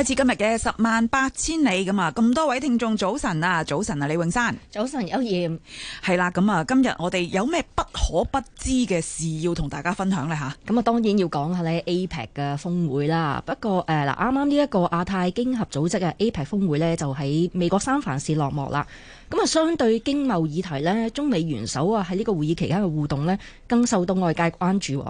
開始今日嘅十萬八千里咁啊！咁多位聽眾早晨啊，早晨啊，李永山，早晨有，有艷，係啦，咁啊，今日我哋有咩不可不知嘅事要同大家分享呢？吓，咁啊，當然要講下咧 APEC 嘅峰會啦。不過誒，嗱，啱啱呢一個亞太經合組織嘅 APEC 峰會呢，就喺美國三藩市落幕啦。咁啊，相對經貿議題呢，中美元首啊喺呢個會議期間嘅互動呢，更受到外界關注。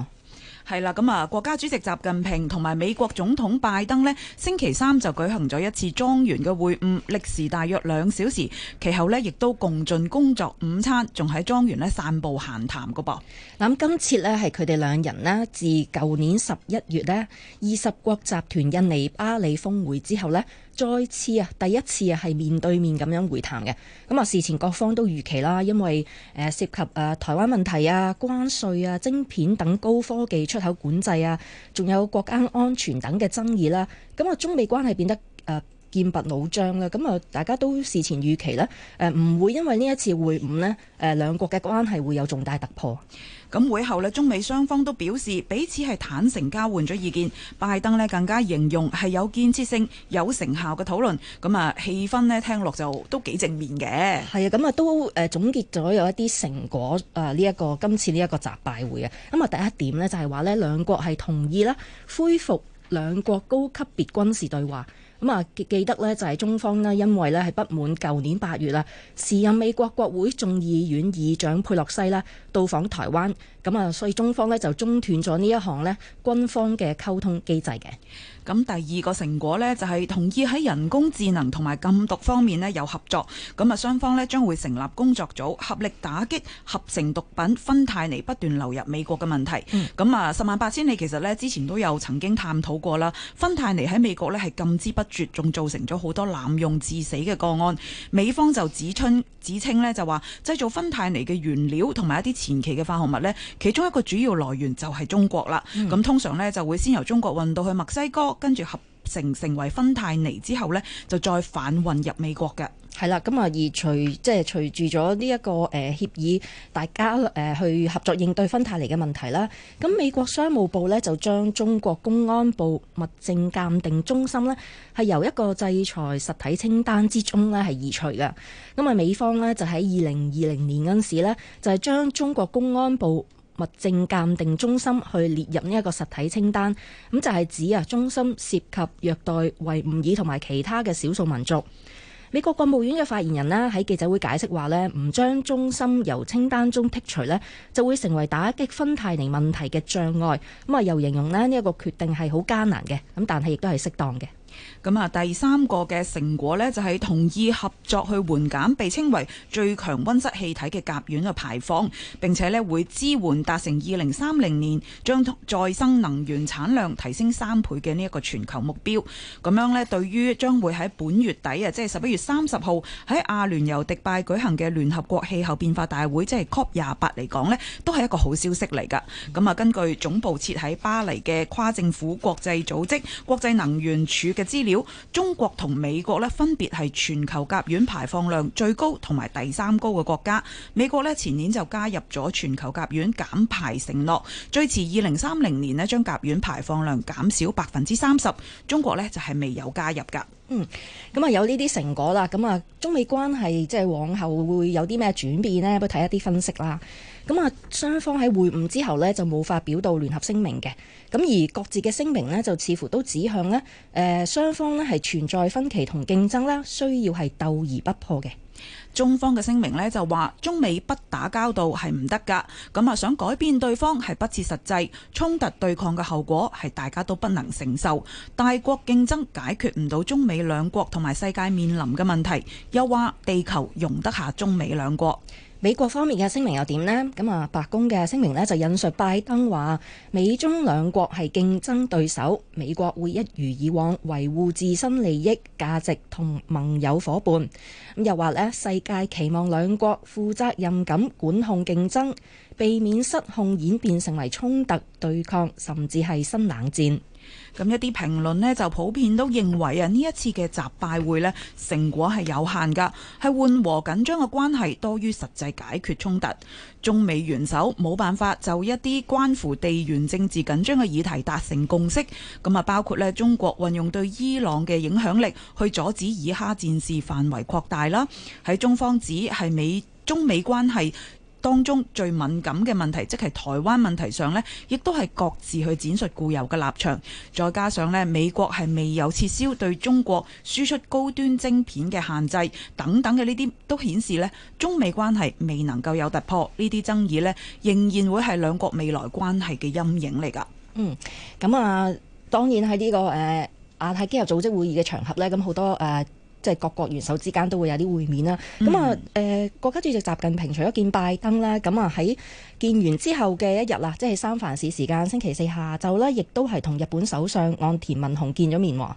係啦，咁啊，國家主席習近平同埋美國總統拜登呢，星期三就舉行咗一次莊園嘅會晤，歷時大約兩小時。其後呢，亦都共進工作午餐，仲喺莊園散步閒談噶噃。嗱，咁今次呢，係佢哋兩人呢，自舊年十一月呢，二十國集團印尼巴厘峰會之後呢。再次啊，第一次啊，係面對面咁樣會談嘅。咁啊，事前各方都預期啦，因為誒涉及誒台灣問題啊、關稅啊、晶片等高科技出口管制啊，仲有國家安全等嘅爭議啦。咁啊，中美關係變得誒。呃劍拔弩張啦，咁啊，大家都事前預期呢，誒、呃、唔會因為呢一次會晤呢，誒、呃、兩國嘅關係會有重大突破。咁會後呢，中美雙方都表示彼此係坦誠交換咗意見，拜登呢，更加形容係有建設性、有成效嘅討論，咁啊，氣氛呢，聽落就都幾正面嘅。係啊，咁啊都誒總結咗有一啲成果啊呢一個今次呢一個習拜會啊，咁、嗯、啊第一點呢，就係、是、話呢，兩國係同意啦，恢復兩國高級別軍事對話。咁啊，記得咧，就係中方咧，因為咧係不滿舊年八月啦，時任美國國會眾議院議長佩洛西咧到訪台灣，咁啊，所以中方咧就中斷咗呢一行咧軍方嘅溝通機制嘅。咁第二個成果呢，就係同意喺人工智能同埋禁毒方面呢有合作。咁啊，雙方呢將會成立工作組，合力打擊合成毒品芬太尼不斷流入美國嘅問題。咁啊、嗯，十萬八千里其實呢，之前都有曾經探討過啦。芬太尼喺美國呢係禁之不絕，仲造成咗好多濫用致死嘅個案。美方就指稱指稱呢就話，製造芬太尼嘅原料同埋一啲前期嘅化學物呢，其中一個主要來源就係中國啦。咁、嗯、通常呢，就會先由中國運到去墨西哥。跟住合成成為芬太尼之後呢，就再反運入美國嘅。係啦，咁啊，而隨即係隨住咗呢一個誒協議，大家誒去合作應對芬太尼嘅問題啦。咁美國商務部呢，就將中國公安部物證鑑定中心呢，係由一個制裁實體清單之中呢，係移除嘅。咁啊，美方呢，就喺二零二零年嗰陣時呢就係將中國公安部物證鑑定中心去列入呢一個實體清單，咁就係指啊中心涉及虐待、維吾爾同埋其他嘅少數民族。美國國務院嘅發言人咧喺記者會解釋話呢，唔將中心由清單中剔除呢，就會成為打擊芬太尼問題嘅障礙。咁啊又形容咧呢一個決定係好艱難嘅，咁但係亦都係適當嘅。咁啊，第三個嘅成果呢，就係同意合作去緩減被稱為最強温室氣體嘅甲烷嘅排放，並且呢，會支援，達成二零三零年將再生能源產量提升三倍嘅呢一個全球目標。咁樣呢，對於將會喺本月底啊，即係十一月三十號喺阿聯酋迪拜舉行嘅聯合國氣候變化大會，即係 COP 廿八嚟講呢，都係一個好消息嚟噶咁啊，根據總部設喺巴黎嘅跨政府國際組織國際能源署嘅。資料：中國同美國咧分別係全球甲烷排放量最高同埋第三高嘅國家。美國咧前年就加入咗全球甲烷減排承諾，最遲二零三零年咧將甲烷排放量減少百分之三十。中國咧就係未有加入㗎。嗯，咁啊有呢啲成果啦，咁啊中美關係即係、就是、往後會有啲咩轉變呢？不如睇一啲分析啦。咁啊，雙方喺會晤之後咧，就冇發表到聯合聲明嘅。咁而各自嘅聲明咧，就似乎都指向咧，誒、呃、雙方咧係存在分歧同競爭啦，需要係鬥而不破嘅。中方嘅聲明咧就話，中美不打交道係唔得㗎。咁啊，想改變對方係不切實際，衝突對抗嘅後果係大家都不能承受。大國競爭解決唔到中美兩國同埋世界面臨嘅問題，又話地球容得下中美兩國。美國方面嘅聲明又點呢？咁啊，白宮嘅聲明呢，就引述拜登話：美中兩國係競爭對手，美國會一如以往維護自身利益、價值同盟友伙伴。咁又話呢，世界期望兩國負責任咁管控競爭，避免失控演變成為衝突對抗，甚至係新冷戰。咁一啲評論呢，就普遍都認為啊，呢一次嘅習拜會呢，成果係有限㗎，係緩和緊張嘅關係多於實際解決衝突。中美元首冇辦法就一啲關乎地緣政治緊張嘅議題達成共識。咁啊，包括呢中國運用對伊朗嘅影響力去阻止以哈戰事範圍擴大啦，喺中方指係美中美關係。當中最敏感嘅問題，即係台灣問題上呢，亦都係各自去展述固有嘅立場。再加上呢，美國係未有撤銷對中國輸出高端晶片嘅限制，等等嘅呢啲都顯示呢，中美關係未能夠有突破，呢啲爭議呢，仍然會係兩國未來關係嘅陰影嚟㗎。嗯，咁啊，當然喺呢個誒亞太經合組織會議嘅場合呢，咁好多誒。呃即係各國元首之間都會有啲會面啦。咁啊、嗯，誒、呃、國家主席習近平除咗見拜登啦，咁啊喺見完之後嘅一日啦，即係三藩市時間星期四下晝咧，亦都係同日本首相岸田文雄見咗面喎。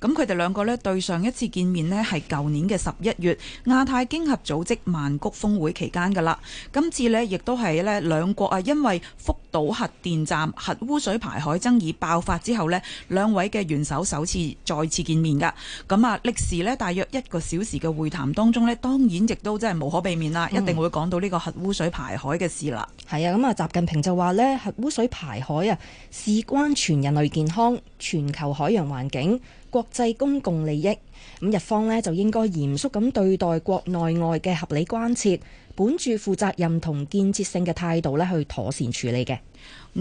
咁佢哋兩個呢對上一次見面呢係舊年嘅十一月亞太經合組織曼谷峰會期間噶啦，今次呢，亦都係呢兩國啊因為福島核電站核污水排海爭議爆發之後呢兩位嘅元首首次再次見面噶。咁啊，歷時呢，大約一個小時嘅會談當中呢，當然亦都真係無可避免啦，一定會講到呢個核污水排海嘅事啦。係啊、嗯，咁啊，習近平就話呢，核污水排海啊事關全人類健康、全球海洋環境，國際公共利益，咁日方咧就應該嚴肅咁對待國內外嘅合理關切，本住負責任同建設性嘅態度咧去妥善處理嘅。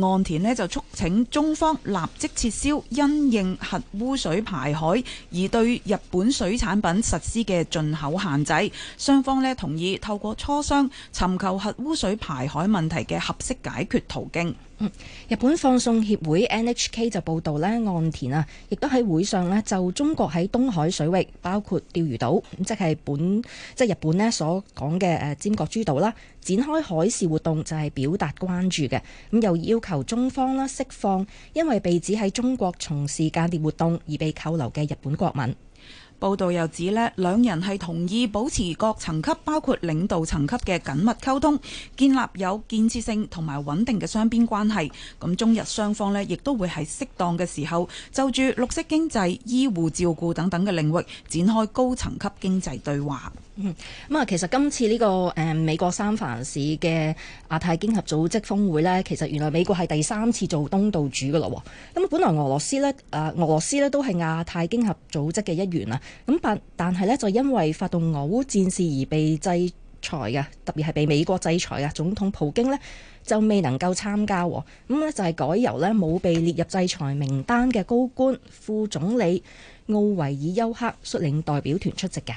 岸田咧就促請中方立即撤銷因應核污水排海而對日本水產品實施嘅進口限制，雙方咧同意透過磋商尋求核污水排海問題嘅合適解決途徑。日本放送協會 NHK 就報道咧，岸田啊，亦都喺會上咧就中國喺東海水域，包括釣魚島，即係本即係日本咧所講嘅誒尖閣諸島啦，展開海事活動，就係表達關注嘅，咁又要求中方啦釋放因為被指喺中國從事間諜活動而被扣留嘅日本國民。報道又指呢，兩人係同意保持各層級，包括領導層級嘅緊密溝通，建立有建設性同埋穩定嘅雙邊關係。咁中日雙方呢，亦都會喺適當嘅時候，就住綠色經濟、醫護照顧等等嘅領域，展開高層級經濟對話。嗯，咁啊，其實今次呢、呢個、嗯、美國三藩市嘅亞太經合組織峰會咧，其實原來美國係第三次做東道主嘅咯。咁、嗯、本來俄羅斯咧、啊，俄羅斯咧都係亞太經合組織嘅一員啊。咁但但係咧，就因為發動俄烏戰事而被制裁嘅，特別係被美國制裁嘅總統普京咧就未能夠參加。咁、嗯、咧就係、是、改由咧冇被列入制裁名單嘅高官、副總理奧維爾丘克率領代表團出席嘅。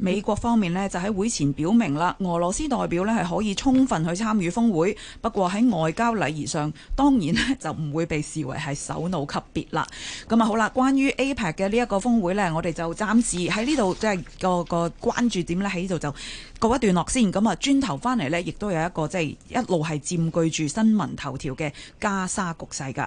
美國方面呢，就喺會前表明啦，俄羅斯代表呢係可以充分去參與峰會，不過喺外交禮儀上，當然呢就唔會被視為係首腦級別啦。咁啊好啦，關於 APEC 嘅呢一個峰會呢，我哋就暫時喺呢度，即係個個關注點呢，喺呢度就告一段落先。咁啊，轉頭翻嚟呢，亦都有一個即係一路係佔據住新聞頭條嘅加沙局勢㗎。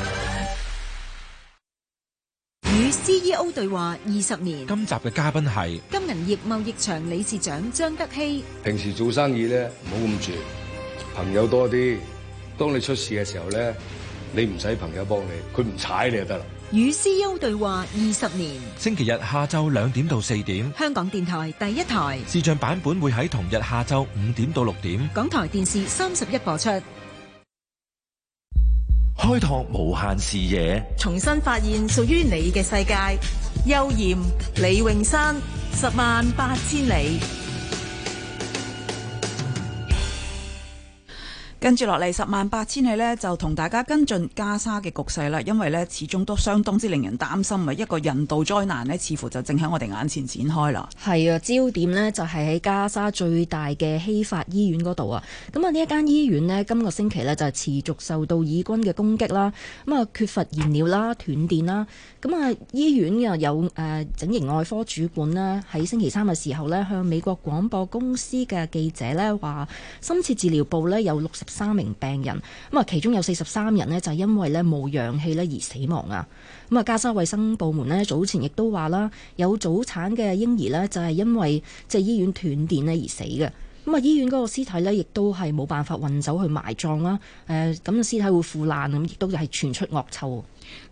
C E O 對話二十年，今集嘅嘉賓係金銀業貿易場理事長張德熙。平時做生意咧，唔好咁住。朋友多啲。當你出事嘅時候咧，你唔使朋友幫你，佢唔踩你就得啦。與 C E O 對話二十年，星期日下晝兩點到四點，香港電台第一台視像版本會喺同日下晝五點到六點，港台電視三十一播出。開拓無限視野，重新發現屬於你嘅世界。邱艷、李泳山，十萬八千里。跟住落嚟，十萬八千里呢，就同大家跟進加沙嘅局勢啦。因為呢，始終都相當之令人擔心，一個人道災難呢，似乎就正喺我哋眼前展開啦。係啊，焦點呢，就係喺加沙最大嘅希法醫院嗰度啊。咁啊，呢一間醫院呢，今個星期呢，就持續受到以軍嘅攻擊啦。咁啊，缺乏燃料啦，斷電啦。咁啊，醫院又有誒整形外科主管啦，喺星期三嘅時候呢，向美國廣播公司嘅記者呢話，深切治療部呢，有六十三名病人咁啊，其中有四十三人咧就係因為咧冇氧氣咧而死亡啊！咁啊，加沙衞生部門咧早前亦都話啦，有早產嘅嬰兒咧就係因為即係醫院斷電咧而死嘅。咁啊，醫院嗰個屍體咧亦都係冇辦法運走去埋葬啦。誒，咁嘅屍體會腐爛咁，亦都係傳出惡臭。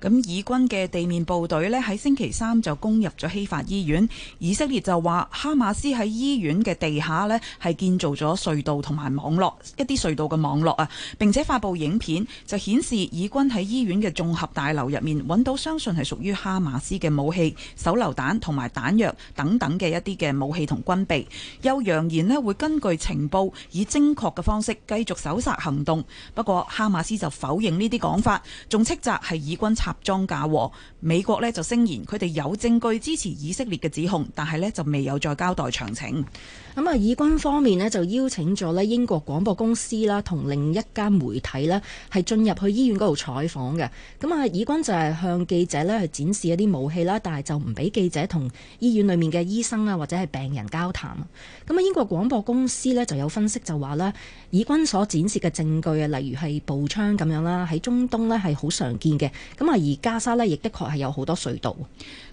咁以軍嘅地面部隊咧喺星期三就攻入咗希法醫院，以色列就話哈馬斯喺醫院嘅地下咧係建造咗隧道同埋網絡一啲隧道嘅網絡啊，並且發佈影片就顯示以軍喺醫院嘅綜合大樓入面揾到相信係屬於哈馬斯嘅武器、手榴彈同埋彈藥等等嘅一啲嘅武器同軍備，又揚言咧會根據情報以精確嘅方式繼續搜殺行動。不過哈馬斯就否認呢啲講法，仲斥責係以軍。插裝嫁禍，美國呢就聲言佢哋有證據支持以色列嘅指控，但係呢就未有再交代詳情。咁啊，以軍方面呢就邀請咗呢英國廣播公司啦，同另一間媒體呢係進入去醫院嗰度採訪嘅。咁啊，以軍就係向記者呢去展示一啲武器啦，但係就唔俾記者同醫院裏面嘅醫生啊或者係病人交談。咁啊，英國廣播公司呢就有分析就話呢，以軍所展示嘅證據啊，例如係步槍咁樣啦，喺中東呢係好常見嘅。咁啊，而加沙呢，亦的確係有好多隧道。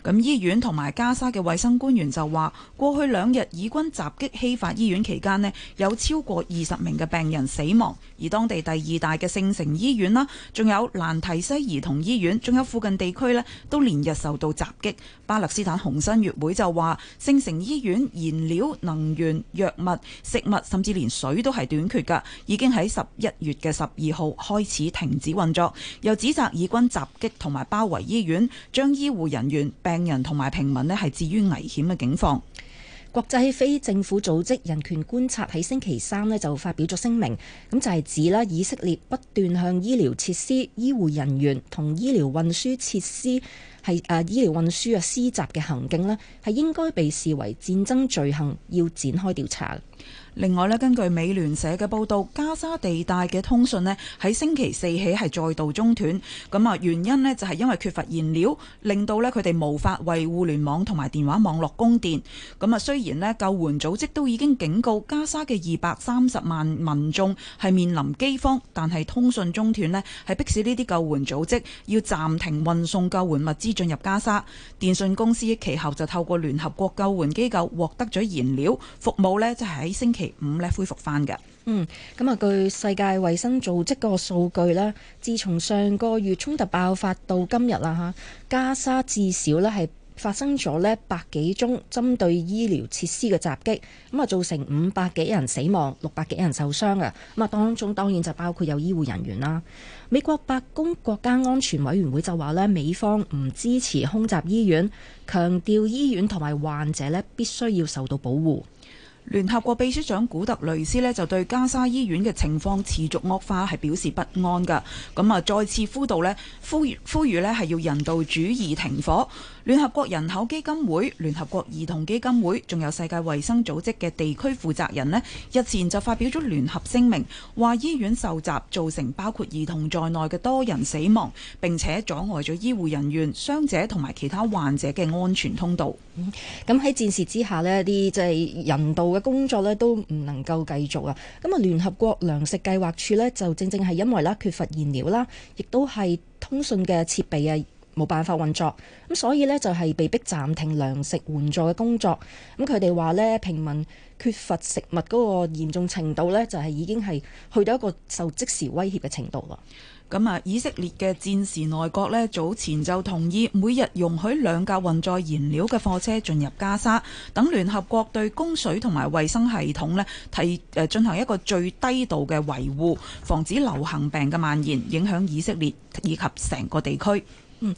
咁醫院同埋加沙嘅衛生官員就話，過去兩日以軍襲擊希法醫院期間呢，有超過二十名嘅病人死亡。而當地第二大嘅聖城醫院啦，仲有蘭提西兒童醫院，仲有附近地區呢，都連日受到襲擊。巴勒斯坦紅新月會就話，聖城醫院燃料、能源、藥物、食物，甚至連水都係短缺㗎，已經喺十一月嘅十二號開始停止運作，又指責以軍襲擊同埋包圍醫院，將醫護人員、病人同埋平民咧係置於危險嘅境況。國際非政府組織人權觀察喺星期三咧就發表咗聲明，咁就係、是、指啦，以色列不斷向醫療設施，施、啊、醫護人員同醫療運輸設施係誒醫療運輸設施施襲嘅行徑咧係應該被視為戰爭罪行，要展開調查。另外咧，根據美聯社嘅報道，加沙地帶嘅通訊咧喺星期四起係再度中斷。咁啊，原因咧就係因為缺乏燃料，令到咧佢哋無法為互聯網同埋電話網絡供電。咁啊，雖然咧救援組織都已經警告加沙嘅二百三十萬民眾係面臨饑荒，但係通訊中斷咧係迫使呢啲救援組織要暫停運送救援物資進入加沙。電信公司其後就透過聯合國救援機構獲得咗燃料服務咧，就喺星期五咧恢復翻嘅，嗯，咁啊，據世界衛生組織嗰個數據呢，自從上個月衝突爆發到今日啦，吓加沙至少呢係發生咗呢百幾宗針對醫療設施嘅襲擊，咁啊造成五百幾人死亡，六百幾人受傷嘅。咁啊，當中當然就包括有醫護人員啦。美國白宮國家安全委員會就話呢，美方唔支持空襲醫院，強調醫院同埋患者呢必須要受到保護。聯合國秘書長古特雷斯咧，就對加沙醫院嘅情況持續惡化係表示不安㗎。咁啊再次呼籲呢，呼籲呼籲呢係要人道主義停火。聯合國人口基金會、聯合國兒童基金會，仲有世界衛生組織嘅地區負責人咧，日前就發表咗聯合聲明，話醫院受襲造成包括兒童在內嘅多人死亡，並且阻礙咗醫護人員、傷者同埋其他患者嘅安全通道。咁喺、嗯、戰時之下呢啲即係人道嘅工作咧都唔能夠繼續啊。咁啊，聯合國糧食計劃處咧就正正係因為啦缺乏燃料啦，亦都係通訊嘅設備啊。冇辦法運作咁，所以呢，就係被迫暫停糧食援助嘅工作。咁佢哋話呢，平民缺乏食物嗰個嚴重程度呢，就係已經係去到一個受即時威脅嘅程度啦。咁啊，以色列嘅戰時內閣呢，早前就同意每日容許兩架運載燃料嘅貨車進入加沙，等聯合國對供水同埋衛生系統呢，提誒進行一個最低度嘅維護，防止流行病嘅蔓延，影響以色列以及成個地區。嗯，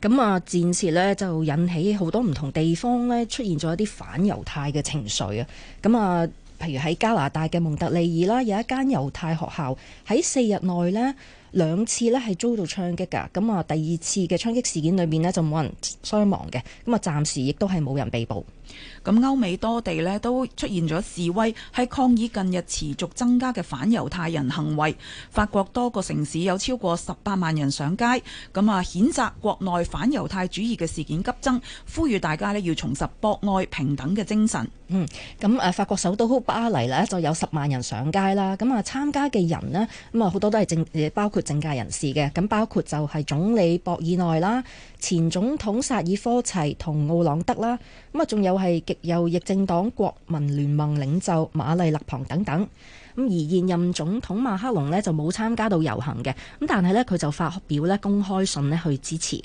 咁啊，戰事呢就引起好多唔同地方呢出現咗一啲反猶太嘅情緒啊。咁啊，譬如喺加拿大嘅蒙特利爾啦，有一間猶太學校喺四日內呢兩次呢係遭到槍擊㗎。咁啊，第二次嘅槍擊事件裏面呢，就冇人傷亡嘅。咁啊，暫時亦都係冇人被捕。咁歐美多地呢都出現咗示威，喺抗議近日持續增加嘅反猶太人行為。法國多個城市有超過十八萬人上街，咁啊，譴責國內反猶太主義嘅事件急增，呼籲大家呢要重拾博愛平等嘅精神。嗯，咁法國首都巴黎呢就有十萬人上街啦。咁啊，參加嘅人呢，咁啊，好多都係政，包括政界人士嘅。咁包括就係總理博爾內啦、前總統薩爾科齊同奧朗德啦。咁啊，仲有係極右翼政黨國民聯盟領袖馬麗勒龐等等。咁而現任總統馬克龍咧就冇參加到遊行嘅，咁但係咧佢就發表咧公開信咧去支持。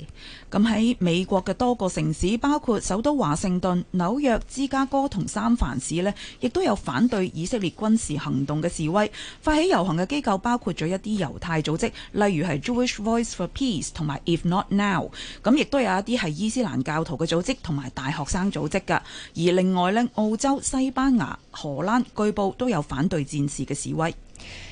咁喺美國嘅多個城市，包括首都華盛頓、紐約、芝加哥同三藩市咧，亦都有反對以色列軍事行動嘅示威。發起遊行嘅機構包括咗一啲猶太組織，例如係 Jewish Voice for Peace 同埋 If Not Now。咁亦都有一啲係伊斯蘭教徒嘅組織同埋大學生組織㗎。而另外呢，澳洲、西班牙、荷蘭據報都有反對戰嘅示威，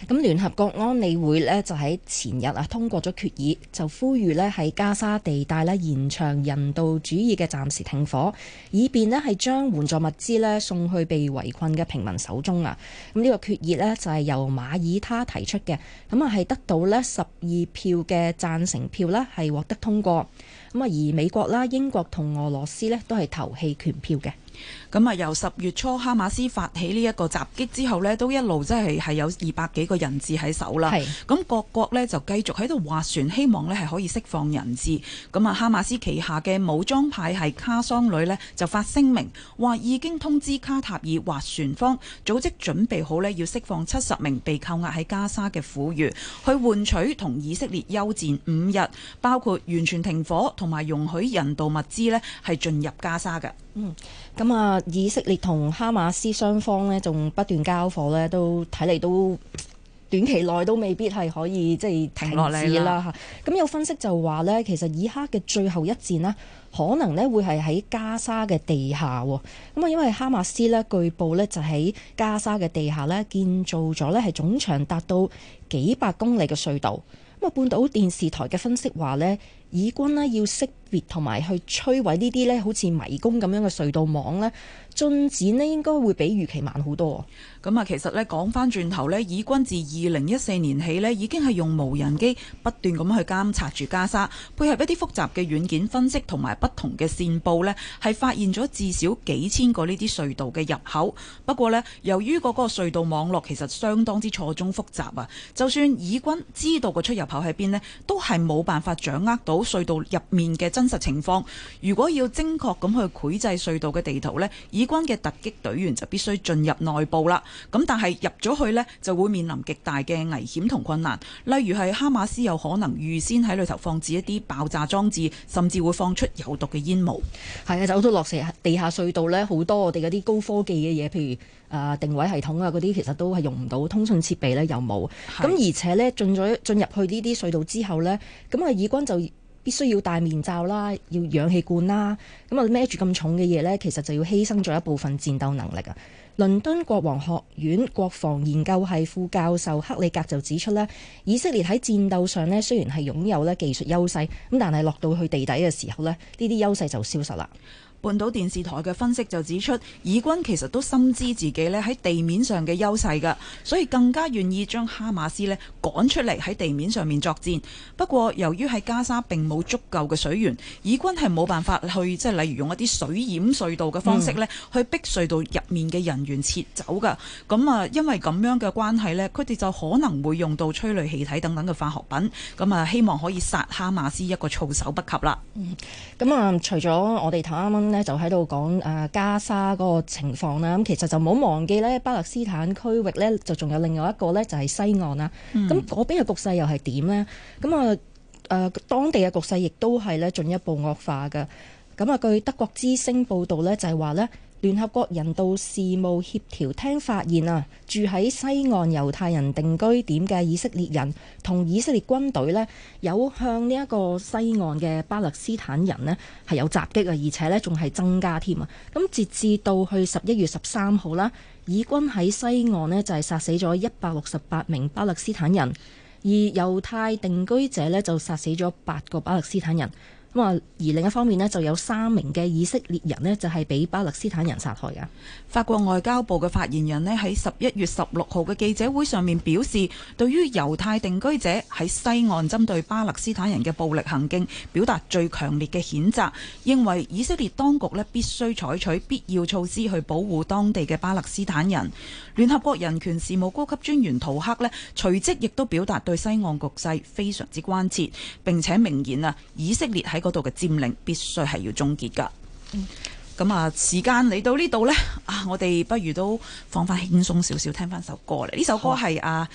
咁聯合國安理會呢，就喺前日啊通過咗決議，就呼籲呢喺加沙地帶呢延長人道主義嘅暫時停火，以便呢係將援助物資呢送去被圍困嘅平民手中啊！咁、這、呢個決議呢，就係由馬爾他提出嘅，咁啊係得到呢十二票嘅贊成票啦，係獲得通過。咁啊而美國啦、英國同俄羅斯呢，都係投棄權票嘅。咁啊，由十月初哈馬斯發起呢一個襲擊之後呢，都一路即係係有二百幾個人質喺手啦。咁是各國呢，就繼續喺度斡旋，希望呢係可以釋放人質。咁啊，哈馬斯旗下嘅武裝派系卡桑旅呢，就發聲明，話已經通知卡塔爾斡旋方，組織準備好呢，要釋放七十名被扣押喺加沙嘅婦孺，去換取同以色列休戰五日，包括完全停火同埋容許人道物資呢，係進入加沙嘅。嗯，咁啊，以色列同哈馬斯雙方咧，仲不斷交火咧，都睇嚟都短期內都未必係可以即係停落嚟啦嚇。咁啊，有分析就話咧，其實以哈嘅最後一戰啦，可能咧會係喺加沙嘅地下喎。咁啊，因為哈馬斯咧，據報咧就喺加沙嘅地下咧建造咗咧係總長達到幾百公里嘅隧道。咁啊，半島電視台嘅分析話咧，以軍咧要識。同埋去摧毀呢啲呢好似迷宮咁樣嘅隧道網呢進展呢應該會比預期慢好多。咁啊，其實呢講翻轉頭呢以軍自二零一四年起呢已經係用無人機不斷咁去監察住加沙，配合一啲複雜嘅軟件分析同埋不同嘅線報呢，係發現咗至少幾千個呢啲隧道嘅入口。不過呢，由於嗰個隧道網絡其實相當之錯綜複雜啊，就算以軍知道個出入口喺邊呢，都係冇辦法掌握到隧道入面嘅。真實情況，如果要精確咁去繪製隧道嘅地圖呢，以軍嘅突擊隊員就必須進入內部啦。咁但係入咗去呢，就會面臨極大嘅危險同困難，例如係哈馬斯有可能預先喺裏頭放置一啲爆炸裝置，甚至會放出有毒嘅煙霧。係啊，走咗落地地下隧道呢，好多我哋嗰啲高科技嘅嘢，譬如啊、呃、定位系統啊嗰啲，其實都係用唔到。通訊設備呢，又冇的。咁而且呢，進咗進入去呢啲隧道之後呢，咁啊以軍就。必須要戴面罩啦，要氧氣罐啦，咁啊孭住咁重嘅嘢呢，其實就要犧牲咗一部分戰鬥能力啊！倫敦國王學院國防研究系副教授克里格就指出呢，以色列喺戰鬥上呢，雖然係擁有呢技術優勢，咁但係落到去地底嘅時候呢，呢啲優勢就消失啦。半島電視台嘅分析就指出，以軍其實都深知自己咧喺地面上嘅優勢噶，所以更加願意將哈馬斯咧趕出嚟喺地面上面作戰。不過由於喺加沙並冇足夠嘅水源，以軍係冇辦法去即係例如用一啲水淹隧道嘅方式咧，去逼隧道入面嘅人員撤走噶。咁啊、嗯，因為咁樣嘅關係呢，佢哋就可能會用到催淚氣體等等嘅化學品，咁啊希望可以殺哈馬斯一個措手不及啦。咁、嗯、啊，除咗我哋睇啱啱，就喺度講啊，加沙嗰個情況啦，咁其實就唔好忘記咧，巴勒斯坦區域咧就仲有另外一個咧就係、是、西岸啦，咁嗰邊嘅局勢又係點咧？咁啊誒當地嘅局勢亦都係咧進一步惡化嘅，咁啊據德國之聲報道咧就係話咧。聯合國人道事務協調廳發現啊，住喺西岸猶太人定居點嘅以色列人同以色列軍隊咧，有向呢一個西岸嘅巴勒斯坦人咧係有襲擊啊，而且咧仲係增加添啊！咁截至到去十一月十三號啦，以軍喺西岸咧就係殺死咗一百六十八名巴勒斯坦人，而猶太定居者咧就殺死咗八個巴勒斯坦人。咁而另一方面咧，就有三名嘅以色列人咧，就係俾巴勒斯坦人殺害嘅。法國外交部嘅發言人咧，喺十一月十六號嘅記者會上面表示，對於猶太定居者喺西岸針對巴勒斯坦人嘅暴力行徑，表達最強烈嘅譴責，認為以色列當局咧必須採取必要措施去保護當地嘅巴勒斯坦人。聯合國人權事務高級專員圖克咧，隨即亦都表達對西岸局勢非常之關切，並且明言啊，以色列喺嗰度嘅佔領必須係要終結㗎。咁、嗯、啊，時間嚟到呢度呢，啊，我哋不如都放翻輕鬆少少，聽翻首歌嚟。呢首歌係啊。啊